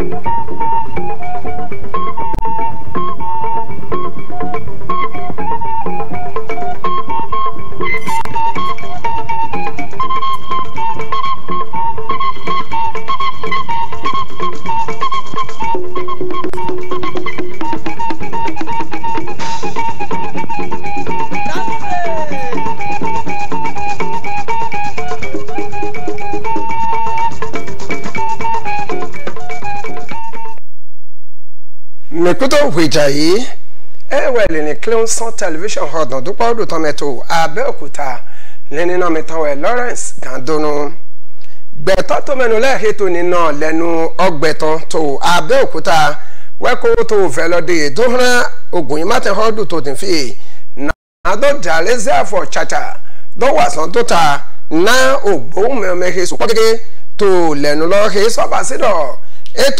Thank you. mekuto Huijayi ewele ni Clemson television hall dupa odo tan meto abeokuta lẹ́ni náà Lawrence Gandonu gbẹ̀tọ́ to mẹ́nu lẹ́ẹ̀hẹ́ tó ní náà lẹ́nu ọgbẹ̀tàn tó Abẹ́òkúta wẹ́kọ́ tó ogun ìmọ̀tẹ́ họ́ọ̀dù to ti fi na tó dà chacha ta he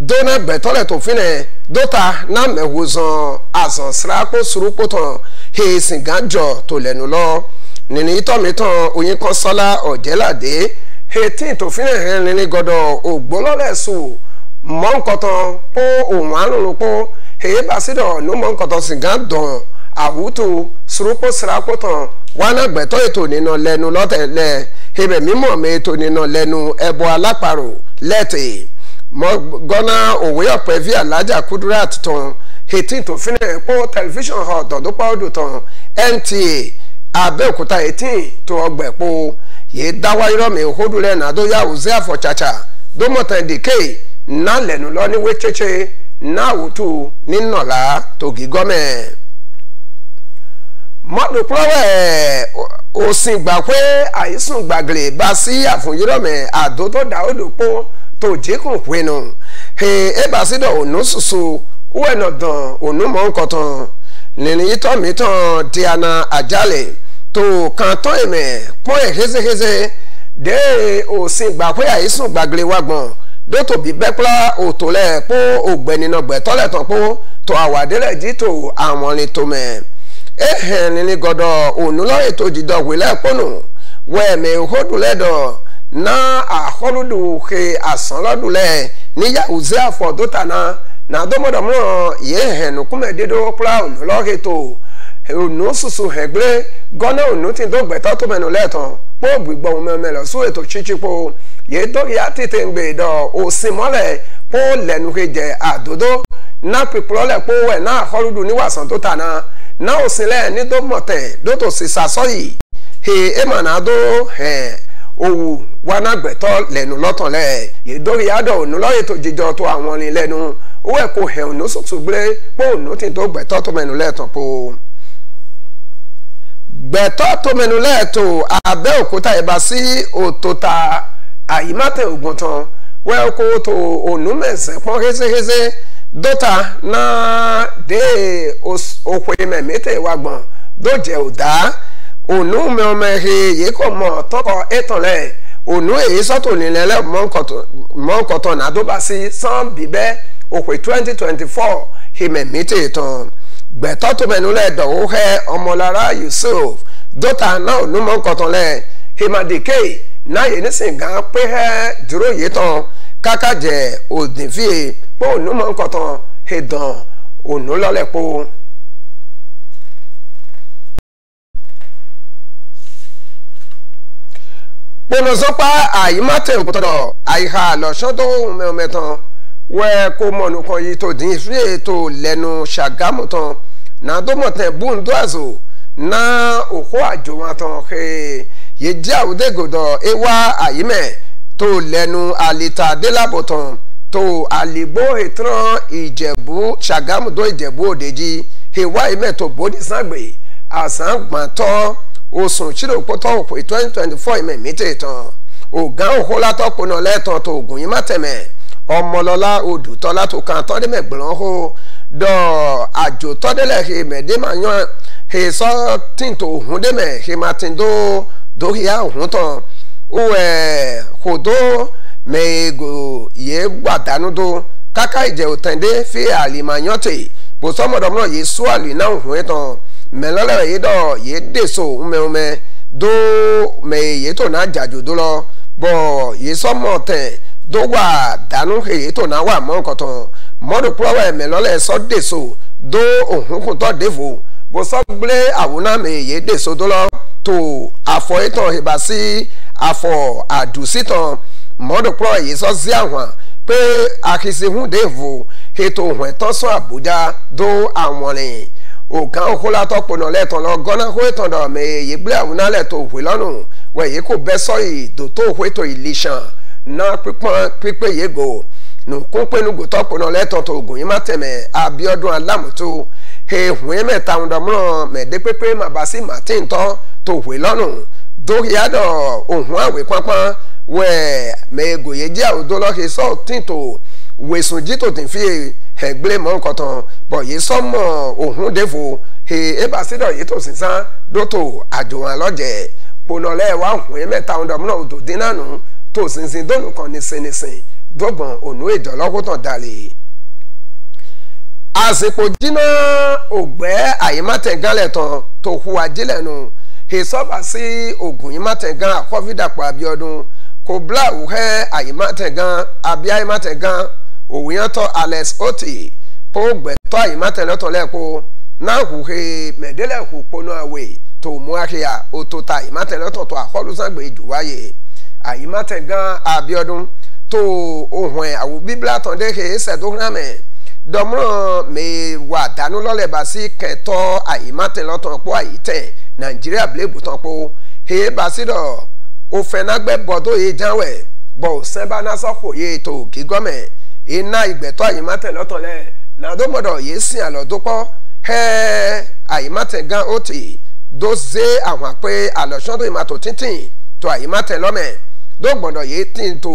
do ne betɔle tofin ne do ta na mewo zɔn azɔnsrakpo surukpotɔn hesin gãdzɔ to lɛnu lɔ ninitɔmitɔn onyinkɔsɔla ɔjɛlade hetin tofin ne hɛn nini gɔdɔ ogbolɔlɛsu mɔnkɔtɔn kpo ohun alolo kpo heye basidɔ numɔnkɔtɔn si gã dɔn awutu surukpo srakpotɔn wana gbẹ̀tọ́ ètò nínà lẹ́nu lọ́tẹ̀lẹ̀ ebè mímọ̀ mi ètò nínà lẹ́nu ẹbọ alápàrò lẹ́tẹ̀ẹ́ mọ́gọ́nà òwe ọ̀pẹ́ vi alájà Kudirat tán eighteen to fi náà pọ́ tẹlifíṣàn hàn NTA Abẹ́òkúta eighteen tó ọgbà ẹ̀pọ́ yìí dáwà irọ́mi òhódùrẹ́ nàdóyà òzé àfọ̀chàchà dómọ̀tàndínkè náà lẹ́nu lọ ní wécheche náà wùtú nínàlá tògì gọ́mẹ̀. mọ́dùpọ̀wẹ̀ òsìngbà pé tojikun kwenu he onu susu. no ebasido onususu uwenodan onumonkotan nìrìn ìtọ̀mítàn tí a na àjálẹ̀ tó kan tán ìmẹ̀ pọ́n ẹ̀ hézéhézé dé òsín gbàpẹ́ àìsùn gbàgìlẹ̀ wa gbọ̀n dótò bí bẹ́pẹ́lá òtòlẹ̀ pó ògbẹ́ninàgbẹ́ tọ́lẹ̀ tán pó to me. dìtò àwọn godo onu mẹ́ eto jido we ònúlọ́rẹ̀ tó We me pọ́nù le do na ahɔludu xe asɔlɔdu lɛ ni yawuze afɔdo tana na domodomlɔ ye hɛn nukume dedo kpla onulɔ heto onu susu hɛn gble gɔna onu ti do gbɛtɔ tomenu lɛ tɔn kpɔ gbigbɔ omeme lɔ su eto tsitsikpo ye do ya tete ŋgbe dɔ osimɔlɛ kpɔ lɛnu he dze adodo na kpikplɔ lɛ kpɔ wɛ na ahɔludu ni wasan to tana na osilɛ ni do mɔtɛ do to sisa sɔyi he ema na do hɛn owu wanagbẹ̀tọ́ lẹ́nu lọ́tàn lẹ́ ìdórí yàdọ̀ ònú lọ́yẹ̀tò jíjọ tó àwọn ni lẹ́nu owó ẹ̀kọ́ hẹ̀ ònú sọ̀tùgbẹ́ pé ònú tí tó gbẹ̀tọ́ tó mẹ́nu lẹ́ẹ̀tàn po. gbẹ̀tọ́ tó mẹ́nu lẹ́ẹ̀tò Abẹ́òkúta ìbá sí òtòta àyímátẹ̀ ògùn tán wẹ́ẹ̀kọ́ tó ònú mẹ̀sẹ̀ pọ́n kéṣekéṣe dóta náà dé òkú mẹ̀mẹ́tẹ̀ wagbọ̀n dójẹ́ òdá ònú mẹ́ọmẹ́ he yìí kò mọ̀ tọ́kọ̀ ẹ̀tàn lẹ́ẹ̀ onu ehisoto nilele mọkọtọ na adụbasị san bibe okwe 2024 himemite ìtàn gbẹ̀tọ́ tó mẹ́nu lẹ̀ dọ̀wọ́ hẹ́ ọmọlára yusuf dọ́tà náà ló mọ̀kọ̀tàn lẹ̀ himadike náà yẹn nísìn gan pé hẹ́ dúró yìí tán kákàjẹ́ òdìfíye pé òun ló mọ̀kọ̀tàn ìdàn òun lọ́lẹ̀ po. kponozopa àyímátẹ̀m pọ̀tọ̀dọ̀ àyíká lọ́sọ́ tó ń mẹ́ọ̀mẹ́ tán wẹ́ kó mọ̀nù kan yìí tó dín ìsúlẹ̀ ètò lẹ́nu ṣàgámù tán náà tó mọ̀tẹ̀ búndú àzò náà òkú àjò wọn tán yìí jẹ́ àwùdẹ́gòdọ̀ ewa àyímẹ̀ tó lẹ́nu àlìta délàbọ̀ tán tó àlìgbó ìtàn ìjẹ̀bú ṣàgámù tó ìjẹ̀bú òdèjì ìwà ìmẹ̀ tó bòdì sàgbè àsàǹgbàtọ́ o osùn chidokpoto òpè twenty twenty four ìmọ̀ ìmítè tán ògá òhólà tọpọnà lẹ́tàn tó ògùn yìí má tẹ̀mẹ̀ ọmọlọ́lá odùtọ́lá tó kan tọ́dẹ́mẹ̀gbọ̀n hó dọ̀ àjò tọ́dẹ́lẹ̀ he mẹ̀dẹ́mà yan he sọ́tìn tó òhun dẹ́mẹ̀ he má ti dó dóríyá òhun tán ó ẹ̀ kò dó mẹ́ẹ̀gò yẹ gbàdánù dó káká ìjẹ́ òtẹ́ndé fi àlìmọ̀ yan tè bùsọ́mọdọ́mọdọ́ yìí sùn àlì náà òhun tán melala yedo ye deso ume ume do me yeto na jaju do lo bo ye somo te do wa danu he to na wa mo nkan ton modu prowa melala so deso do ohunkun to devo bo so gble awuna me ye deso do lo to afọ itan ibasi afọ adusitan modu prowa ye so zi awon pé àkìsí hun devo ètò òhun ẹ̀tọ́ sọ àbújá dó àwọn rìn okan holatɔ kponɔ lɛ tɔn lɔ gɔna hoe tɔn dɔ mɛ yegble awuna lɛ to hoe lɔnu wɛ yeko bɛsɔ yi do to hoe to yi lisan na pípɔn pípé yego nukun penugotɔ kponɔ lɛ tɔn to ogun yi ma tɛmɛ abiodun alamutu ehun yi mɛ taun dɔmɔ mɛ de pípé mabasi martin tɔ to hoe lɔnu dókìá dɔ ohun awɛ kpɔnkpɔn wɛ mɛ ego yedzi awo do lɔ he sɔ tinto wɛsun jito tinfie hegble mọ nkọtàn bọ yìí sọmọ òhun dẹfo he eba sídọ yìí tó sísan dótò àjòhàn lọjẹ kponọlẹ wa hùn mẹ́ta ọdọm náà odò dín nánu tó sínsìn dónú kan nísinsìn dọgbọn ònú ìjọ lọkùtàn dalè. àsìkò jiná ògbẹ́ àyèmátẹ̀gánlẹ̀ tán tó hu ajílẹ̀ nu ìsọ́bà sí ògùn yìmátẹ̀gán àkọ́fídàpọ̀ abiodun kò bláwù hẹ́ àyèmátẹ̀gán àbí àyèmátẹ̀gán owiyanto alex oti po gbẹtọ ayimatẹlẹtọ lẹpo náà huhe mẹdẹlẹhu pono awe tó mú ahia òtòtà ayimatẹlẹtọ tó akọlùsàgbè ìdùwáyé ayimatẹgán abiodun tó ohun ẹ àwọn bíbélà tán déhe ṣẹdúnrámẹ dọmọràn mi wà dánú lọlẹba sí kẹtọ ayimatẹlẹtọ pọ àyítẹ nàìjíríà bílẹ̀bù tán he hee basidọ òfẹnagbẹ bọdọ yìí jáwẹ bọ òsínbánásọkò yìí tó kígọmẹ iná ìgbẹ̀tọ́ àyèmátẹ̀ lọ́tọ̀lẹ́ nàdómọ̀dọ̀ yìí sìn àlọ́dúpọ̀ ẹ àyèmátẹ̀ gan ó tì dóze àwọn pé àlọ́sọ́dún ìmàtò títì tó àyèmátẹ̀ lọ́mẹ̀ dógbọ̀dọ̀ yìí tì tó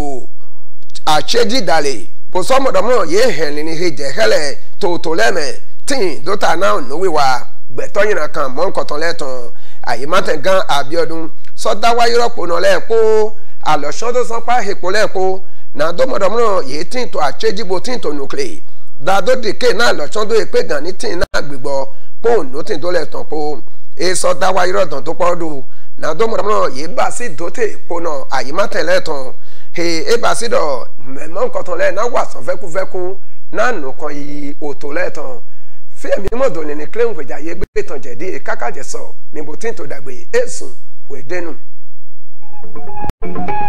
àṣedídàlè kò sọ́mọ̀dọ́mọ̀ yìí hẹ̀lìn ní hejẹ̀ hẹ́lẹ̀ tòótò lẹ́mẹ̀ tì dótà náà lówíwá gbẹ̀tọ́ yìnyín kan mọ́ nkọ̀tàn lẹ́tàn àyèmátẹ̀ gan àbíọ́dún sọ́dáwáyé rọ́pò náà lẹ́ẹ̀kọ́ àlọ́sọ́dún sọ́pá èkó lẹ́ẹ̀kọ́ na domodomono ye tin to achejibo tin to nukle da do dike na lo chon do epe gan ni tin na gbigbo po no tin do le ton po e so da wa iro don to podu na domodomono ye ba si do te po na ma tele he e ba si do memo nkan ton le na wa san feku feku na nu kan yi oto le ton fi emi mo do ni ni claim gbe ton jedi e kakaje so mi bo tin to dagbe esun we denu Thank you.